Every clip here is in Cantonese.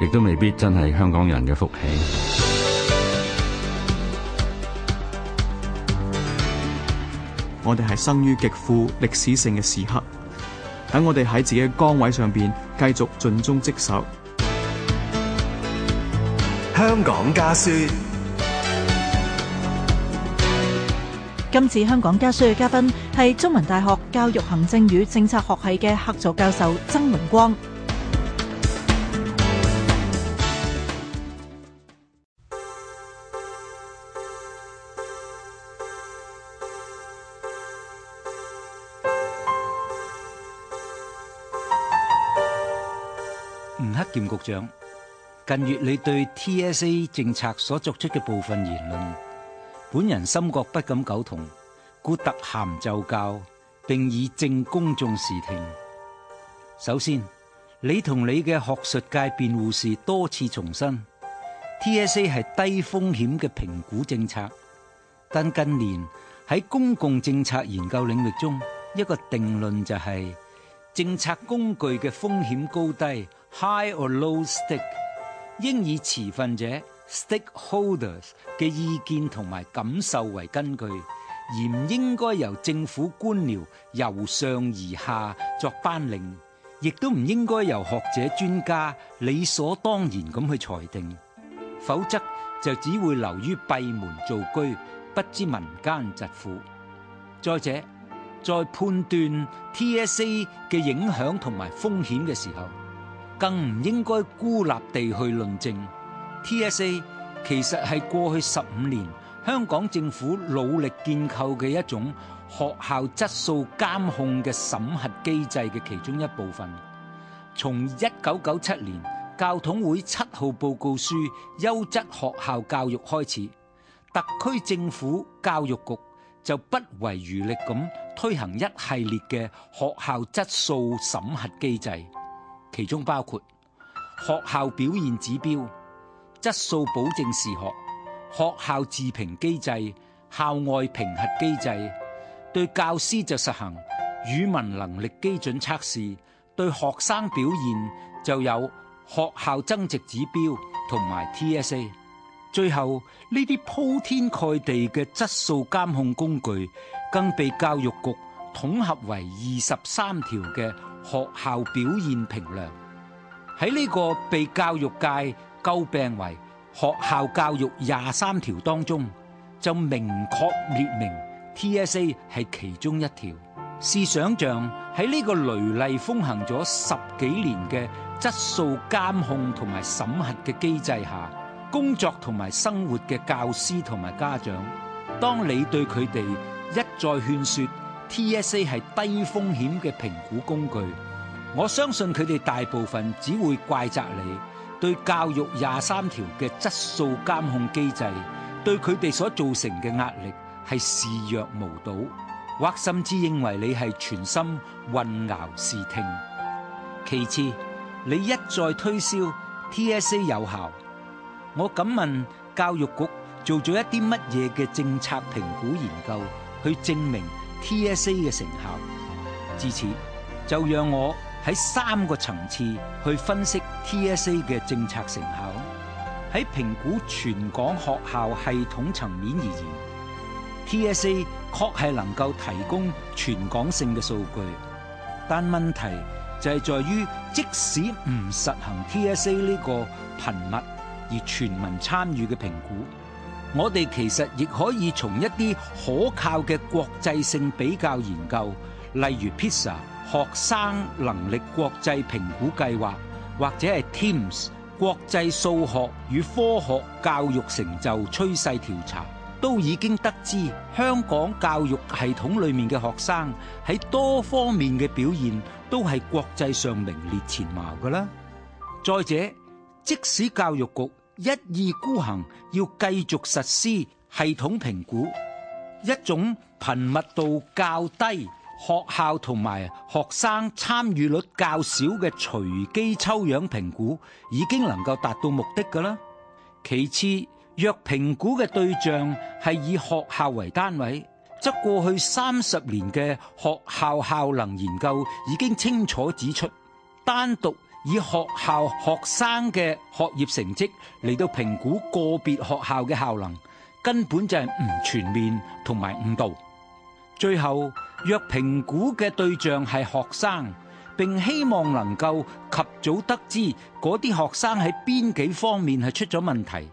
亦都未必真係香港人嘅福氣。我哋係生於極富歷史性嘅時刻，等我哋喺自己嘅崗位上邊繼續盡忠職守。香港家書。今次香港家書嘅嘉賓係中文大學教育行政與政策學系嘅客座教授曾榮光。兼局長，近月你對 TSA 政策所作出嘅部分言論，本人深覺不敢苟同，故特函就教，並以正公眾視聽。首先，你同你嘅學術界辯護士多次重申，TSA 係低風險嘅評估政策，但近年喺公共政策研究領域中，一個定論就係。政策工具嘅風險高低 （high or low stake） 應以持份者 （stakeholders） 嘅意見同埋感受為根據，而唔應該由政府官僚由上而下作班令，亦都唔應該由學者專家理所當然咁去裁定，否則就只會流於閉門造車，不知民間疾苦。再者，在判斷 TSA 嘅影響同埋風險嘅時候，更唔應該孤立地去論證。TSA 其實係過去十五年香港政府努力建構嘅一種學校質素監控嘅審核機制嘅其中一部分。從就不遺餘力咁推行一系列嘅學校質素審核機制，其中包括學校表現指標、質素保證視學、學校自評機制、校外評核機制，對教師就實行語文能力基準測試，對學生表現就有學校增值指標同埋 TSA。最後呢啲鋪天蓋地嘅質素監控工具，更被教育局統合為二十三條嘅學校表現評量。喺呢個被教育界詬病為學校教育廿三條當中，就明確列明 TSA 係其中一條。試想像喺呢個雷厲風行咗十幾年嘅質素監控同埋審核嘅機制下，工作同埋生活嘅教師同埋家長，當你對佢哋一再勸説 TSA 係低風險嘅評估工具，我相信佢哋大部分只會怪責你對教育廿三條嘅質素監控機制對佢哋所造成嘅壓力係視若無睹，或甚至認為你係全心混淆視聽。其次，你一再推銷 TSA 有效。我敢問教育局做咗一啲乜嘢嘅政策評估研究去證明 TSA 嘅成效？至此就讓我喺三個層次去分析 TSA 嘅政策成效。喺評估全港學校系統層面而言，TSA 確係能夠提供全港性嘅數據，但問題就係在於，即使唔實行 TSA 呢個頻密，而全民參與嘅評估，我哋其實亦可以從一啲可靠嘅國際性比較研究，例如 PISA 學生能力國際評估計劃，或者係 TIMSS 國際數學與科學教育成就趨勢調查，都已經得知香港教育系統裏面嘅學生喺多方面嘅表現都係國際上名列前茅噶啦。再者，即使教育局一意孤行，要繼續實施系統評估，一種頻密度較低、學校同埋學生參與率較少嘅隨機抽樣評估，已經能夠達到目的噶啦。其次，若評估嘅對象係以學校為單位，則過去三十年嘅學校效能研究已經清楚指出，單獨。以學校學生嘅學業成績嚟到評估個別學校嘅效能，根本就係唔全面同埋誤導。最後，若評估嘅對象係學生，並希望能夠及早得知嗰啲學生喺邊幾方面係出咗問題，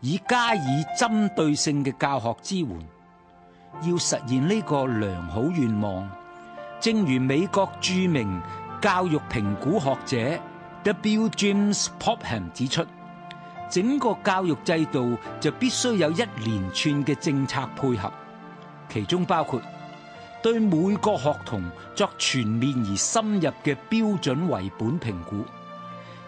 以加以針對性嘅教學支援，要實現呢個良好願望，正如美國著名教育評估學者 W. James Popham 指出，整個教育制度就必須有一連串嘅政策配合，其中包括對每個學童作全面而深入嘅標準為本評估，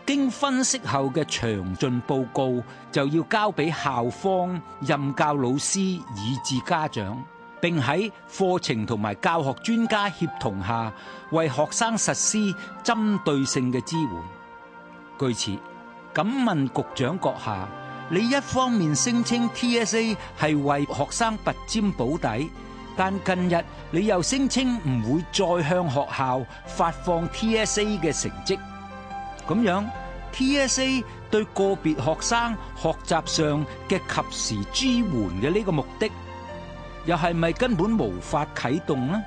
經分析後嘅詳盡報告就要交俾校方、任教老師以至家長。並喺課程同埋教學專家協同下，為學生實施針對性嘅支援。據此，敢問局長閣下，你一方面聲稱 TSA 係為學生拔尖補底，但近日你又聲稱唔會再向學校發放 TSA 嘅成績，咁樣 TSA 對個別學生學習上嘅及時支援嘅呢個目的？又係咪根本無法啟動呢？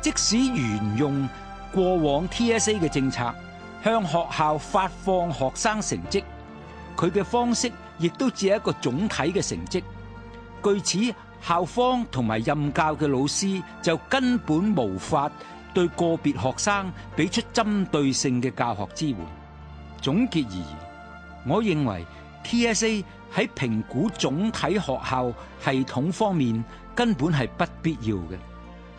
即使沿用過往 TSA 嘅政策，向學校發放學生成績，佢嘅方式亦都只係一個總體嘅成績。據此，校方同埋任教嘅老師就根本無法對個別學生俾出針對性嘅教學支援。總結而言，我認為。TSA 喺評估總體學校系統方面根本係不必要嘅；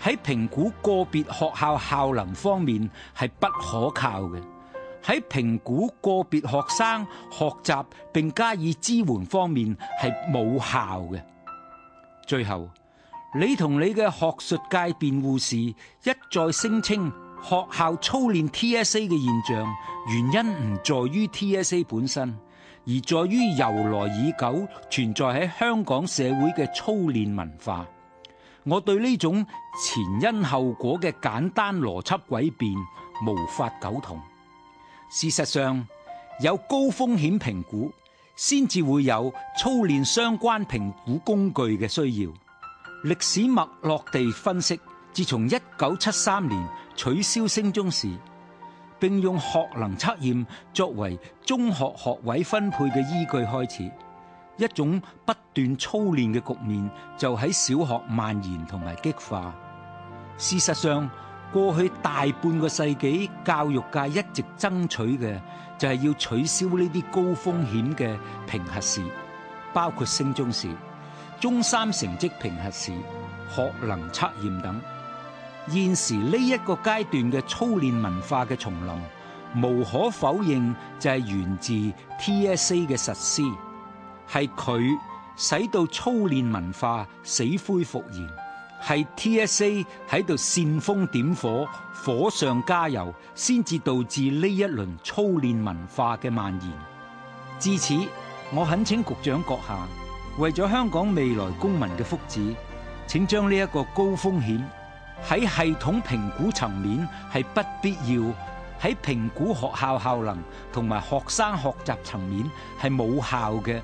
喺評估個別學校效能方面係不可靠嘅；喺評估個別學生學習並加以支援方面係冇效嘅。最後，你同你嘅學術界辯護士一再聲稱學校操練 TSA 嘅現象原因唔在於 TSA 本身。而在於由來已久，存在喺香港社會嘅操練文化。我對呢種前因後果嘅簡單邏輯詭辯無法苟同。事實上，有高風險評估，先至會有操練相關評估工具嘅需要。歷史脈絡地分析，自從1973年取消升中時，並用學能測驗作為中學學位分配嘅依據開始，一種不斷操練嘅局面就喺小學蔓延同埋激化。事實上，過去大半個世紀，教育界一直爭取嘅就係要取消呢啲高風險嘅評核試，包括升中試、中三成績評核試、學能測驗等。現時呢一個階段嘅操練文化嘅重臨，無可否認，就係源自 T.S.A. 嘅實施，係佢使到操練文化死灰復燃，係 T.S.A. 喺度煽風點火、火上加油，先至導致呢一輪操練文化嘅蔓延。至此，我懇請局長閣下為咗香港未來公民嘅福祉，請將呢一個高風險，喺系統評估層面係不必要，喺評估學校效能同埋學生學習層面係冇效嘅，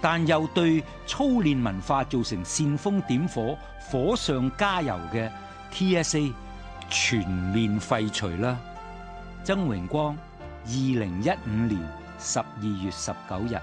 但又對操練文化造成煽風點火、火上加油嘅 TSA 全面廢除啦！曾榮光，二零一五年十二月十九日。